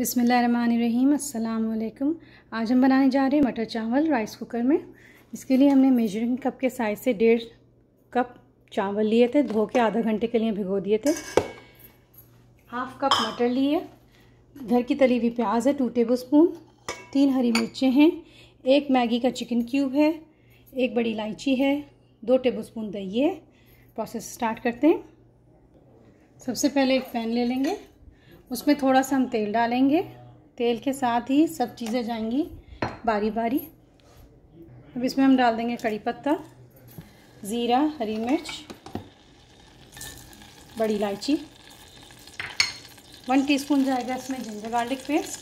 अस्सलाम अल्लाम आज हम बनाने जा रहे हैं मटर चावल राइस कुकर में इसके लिए हमने मेजरिंग कप के साइज़ से डेढ़ कप चावल लिए थे धो के आधा घंटे के लिए भिगो दिए थे हाफ कप मटर लिए घर की तली हुई प्याज है टू टेबल स्पून तीन हरी मिर्चें हैं एक मैगी का चिकन क्यूब है एक बड़ी इलायची है दो टेबल स्पून दही है प्रोसेस स्टार्ट करते हैं सबसे पहले एक पैन ले लेंगे उसमें थोड़ा सा हम तेल डालेंगे तेल के साथ ही सब चीज़ें जाएंगी बारी बारी अब इसमें हम डाल देंगे कड़ी पत्ता ज़ीरा हरी मिर्च बड़ी इलायची वन टीस्पून जाएगा इसमें जिंजर गार्लिक पेस्ट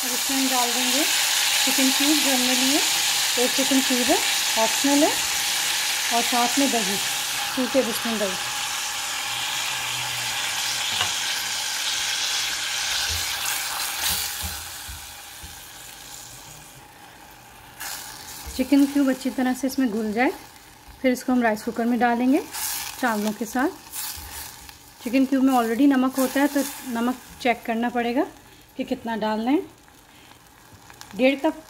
और इसमें हम डाल देंगे चिकन क्यूब जमने लिए एक चिकन चीज़ है ऑप्शनल है और साथ में दही टू टेबल स्पून दही चिकन क्यूब अच्छी तरह से इसमें घुल जाए फिर इसको हम राइस कुकर में डालेंगे चावलों के साथ चिकन क्यूब में ऑलरेडी नमक होता है तो नमक चेक करना पड़ेगा कि कितना डालना है डेढ़ कप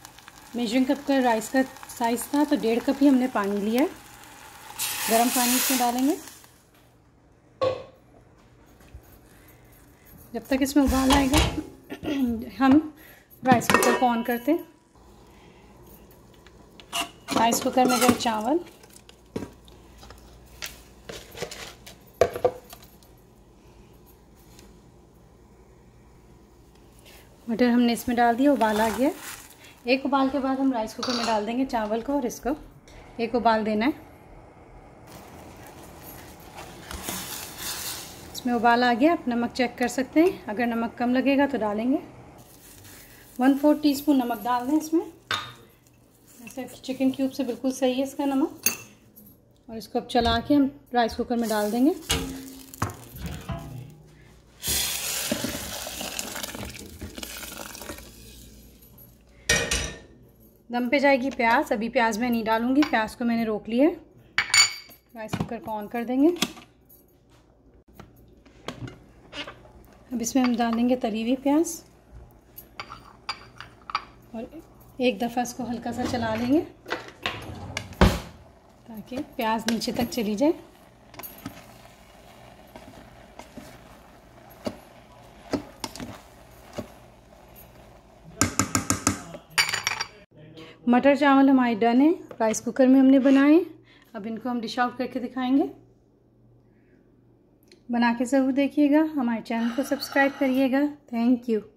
मेजरिंग कप का राइस का साइज़ था तो डेढ़ कप ही हमने पानी लिया है गर्म पानी इसमें डालेंगे जब तक इसमें उबाल आएगा हम राइस कुकर को ऑन करते हैं राइस कुकर में गए चावल मटर हमने इसमें डाल दिया उबाल आ गया एक उबाल के बाद हम राइस कुकर में डाल देंगे चावल को और इसको एक उबाल देना है इसमें उबाल आ गया आप नमक चेक कर सकते हैं अगर नमक कम लगेगा तो डालेंगे वन फोर टी स्पून नमक डाल दें इसमें ऐसे चिकन क्यूब से बिल्कुल सही है इसका नमक और इसको अब चला के हम राइस कुकर में डाल देंगे दम पे जाएगी प्याज अभी प्याज मैं नहीं डालूँगी प्याज को मैंने रोक लिया राइस कुकर को ऑन कर देंगे अब इसमें हम डाल देंगे तली हुई प्याज और एक दफ़ा इसको हल्का सा चला लेंगे ताकि प्याज नीचे तक चली जाए मटर चावल हमारे डन है राइस कुकर में हमने बनाए अब इनको हम डिश आउट करके दिखाएंगे बना के ज़रूर देखिएगा हमारे चैनल को सब्सक्राइब करिएगा थैंक यू